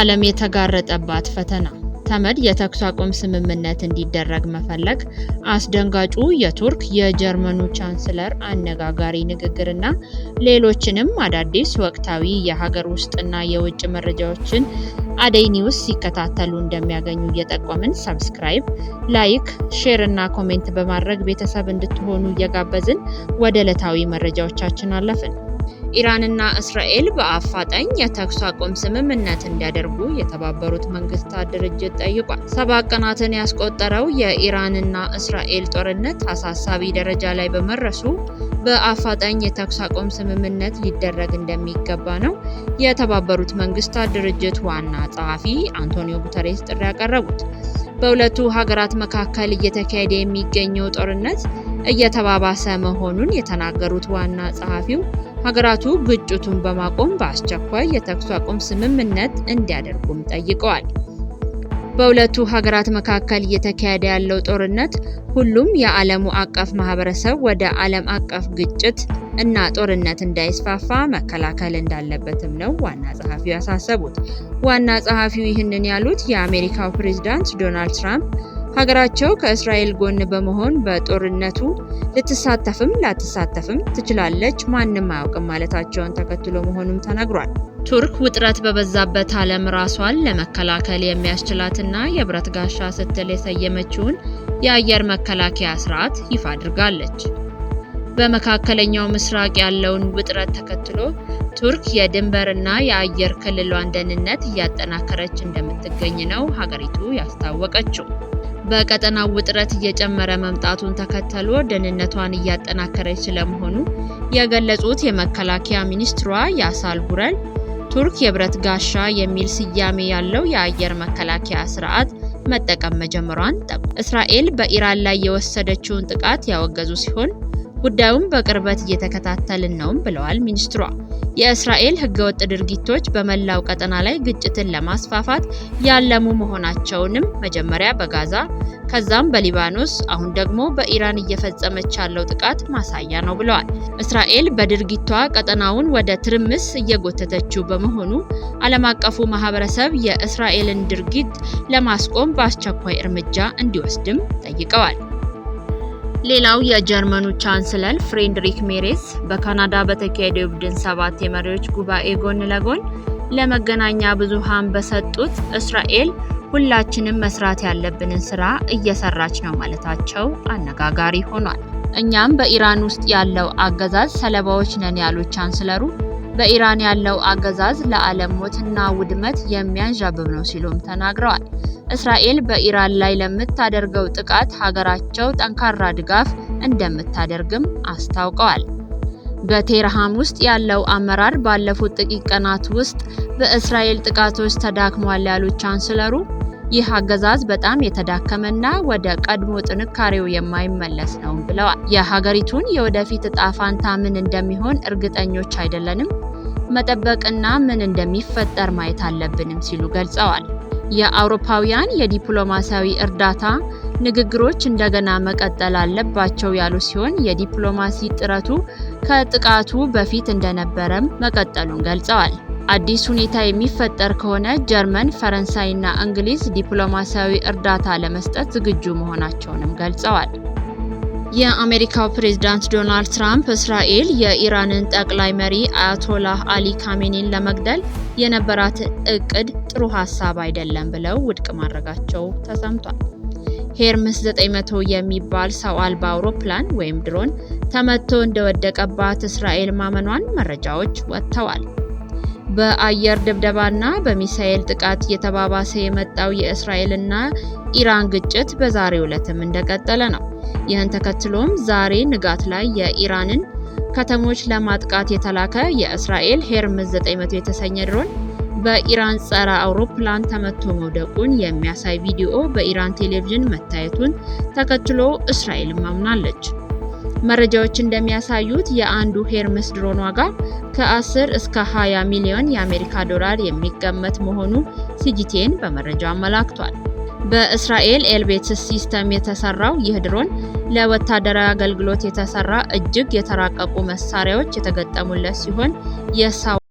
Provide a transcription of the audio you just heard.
ዓለም የተጋረጠባት ፈተና ተመድ የተኩስ አቁም ስምምነት እንዲደረግ መፈለግ፣ አስደንጋጩ የቱርክ የጀርመኑ ቻንስለር አነጋጋሪ ንግግርና ሌሎችንም አዳዲስ ወቅታዊ የሀገር ውስጥና የውጭ መረጃዎችን አደይ ኒውስ ሲከታተሉ እንደሚያገኙ እየጠቆምን ሰብስክራይብ፣ ላይክ፣ ሼር እና ኮሜንት በማድረግ ቤተሰብ እንድትሆኑ እየጋበዝን ወደ ዕለታዊ መረጃዎቻችን አለፍን። ኢራንና እስራኤል በአፋጣኝ የተኩስ አቁም ስምምነት እንዲያደርጉ የተባበሩት መንግስታት ድርጅት ጠይቋል። ሰባ ቀናትን ያስቆጠረው የኢራንና እስራኤል ጦርነት አሳሳቢ ደረጃ ላይ በመድረሱ በአፋጣኝ የተኩስ አቁም ስምምነት ሊደረግ እንደሚገባ ነው የተባበሩት መንግስታት ድርጅት ዋና ጸሐፊ አንቶኒዮ ጉተሬስ ጥሪ ያቀረቡት። በሁለቱ ሀገራት መካከል እየተካሄደ የሚገኘው ጦርነት እየተባባሰ መሆኑን የተናገሩት ዋና ጸሐፊው ሀገራቱ ግጭቱን በማቆም በአስቸኳይ የተኩስ አቁም ስምምነት እንዲያደርጉም ጠይቀዋል። በሁለቱ ሀገራት መካከል እየተካሄደ ያለው ጦርነት ሁሉም የዓለሙ አቀፍ ማህበረሰብ ወደ ዓለም አቀፍ ግጭት እና ጦርነት እንዳይስፋፋ መከላከል እንዳለበትም ነው ዋና ጸሐፊው ያሳሰቡት። ዋና ጸሐፊው ይህንን ያሉት የአሜሪካው ፕሬዝዳንት ዶናልድ ትራምፕ ሀገራቸው ከእስራኤል ጎን በመሆን በጦርነቱ ልትሳተፍም ላትሳተፍም ትችላለች፣ ማንም አያውቅም ማለታቸውን ተከትሎ መሆኑም ተነግሯል። ቱርክ ውጥረት በበዛበት ዓለም ራሷን ለመከላከል የሚያስችላትና የብረት ጋሻ ስትል የሰየመችውን የአየር መከላከያ ስርዓት ይፋ አድርጋለች። በመካከለኛው ምስራቅ ያለውን ውጥረት ተከትሎ ቱርክ የድንበርና የአየር ክልሏን ደህንነት እያጠናከረች እንደምትገኝ ነው ሀገሪቱ ያስታወቀችው። በቀጠናው ውጥረት እየጨመረ መምጣቱን ተከትሎ ደህንነቷን እያጠናከረች ስለመሆኑ የገለጹት የመከላከያ ሚኒስትሯ ያሳል ቡረል ቱርክ የብረት ጋሻ የሚል ስያሜ ያለው የአየር መከላከያ ስርዓት መጠቀም መጀመሯን ጠቁ እስራኤል በኢራን ላይ የወሰደችውን ጥቃት ያወገዙ ሲሆን ጉዳዩን በቅርበት እየተከታተልን ነውም ብለዋል ሚኒስትሯ። የእስራኤል ህገወጥ ድርጊቶች በመላው ቀጠና ላይ ግጭትን ለማስፋፋት ያለሙ መሆናቸውንም መጀመሪያ በጋዛ ከዛም በሊባኖስ አሁን ደግሞ በኢራን እየፈጸመች ያለው ጥቃት ማሳያ ነው ብለዋል። እስራኤል በድርጊቷ ቀጠናውን ወደ ትርምስ እየጎተተችው በመሆኑ ዓለም አቀፉ ማህበረሰብ የእስራኤልን ድርጊት ለማስቆም በአስቸኳይ እርምጃ እንዲወስድም ጠይቀዋል። ሌላው የጀርመኑ ቻንስለር ፍሬድሪክ ሜሬስ በካናዳ በተካሄደው የቡድን ሰባት የመሪዎች ጉባኤ ጎን ለጎን ለመገናኛ ብዙሃን በሰጡት እስራኤል ሁላችንም መስራት ያለብንን ስራ እየሰራች ነው ማለታቸው አነጋጋሪ ሆኗል። እኛም በኢራን ውስጥ ያለው አገዛዝ ሰለባዎች ነን ያሉት ቻንስለሩ በኢራን ያለው አገዛዝ ለዓለም ሞትና ውድመት የሚያንዣብብ ነው ሲሉም ተናግረዋል። እስራኤል በኢራን ላይ ለምታደርገው ጥቃት ሀገራቸው ጠንካራ ድጋፍ እንደምታደርግም አስታውቀዋል። በቴርሃም ውስጥ ያለው አመራር ባለፉት ጥቂት ቀናት ውስጥ በእስራኤል ጥቃቶች ተዳክሟል ያሉት ቻንስለሩ ይህ አገዛዝ በጣም የተዳከመና ወደ ቀድሞ ጥንካሬው የማይመለስ ነው ብለዋል። የሀገሪቱን የወደፊት እጣ ፋንታ ምን እንደሚሆን እርግጠኞች አይደለንም፣ መጠበቅና ምን እንደሚፈጠር ማየት አለብንም ሲሉ ገልጸዋል። የአውሮፓውያን የዲፕሎማሲያዊ እርዳታ ንግግሮች እንደገና መቀጠል አለባቸው ያሉ ሲሆን የዲፕሎማሲ ጥረቱ ከጥቃቱ በፊት እንደነበረም መቀጠሉን ገልጸዋል። አዲስ ሁኔታ የሚፈጠር ከሆነ ጀርመን፣ ፈረንሳይና እንግሊዝ ዲፕሎማሲያዊ እርዳታ ለመስጠት ዝግጁ መሆናቸውንም ገልጸዋል። የአሜሪካው ፕሬዝዳንት ዶናልድ ትራምፕ እስራኤል የኢራንን ጠቅላይ መሪ አያቶላህ አሊ ካሜኒን ለመግደል የነበራት እቅድ ጥሩ ሀሳብ አይደለም ብለው ውድቅ ማድረጋቸው ተሰምቷል። ሄርምስ 900 የሚባል ሰው አልባ አውሮፕላን ወይም ድሮን ተመቶ እንደወደቀባት እስራኤል ማመኗን መረጃዎች ወጥተዋል። በአየር ድብደባና በሚሳኤል ጥቃት እየተባባሰ የመጣው የእስራኤልና ኢራን ግጭት በዛሬው ዕለትም እንደቀጠለ ነው። ይህን ተከትሎም ዛሬ ንጋት ላይ የኢራንን ከተሞች ለማጥቃት የተላከ የእስራኤል ሄርምዝ 900 የተሰኘ ድሮን በኢራን ጸረ አውሮፕላን ተመቶ መውደቁን የሚያሳይ ቪዲዮ በኢራን ቴሌቪዥን መታየቱን ተከትሎ እስራኤል አምናለች። መረጃዎች እንደሚያሳዩት የአንዱ ሄርምስ ድሮን ዋጋ ከ10 እስከ 20 ሚሊዮን የአሜሪካ ዶላር የሚገመት መሆኑ ሲጂቲኤን በመረጃው አመላክቷል። በእስራኤል ኤልቤት ሲስተም የተሰራው ይህ ድሮን ለወታደራዊ አገልግሎት የተሰራ እጅግ የተራቀቁ መሳሪያዎች የተገጠሙለት ሲሆን የሳ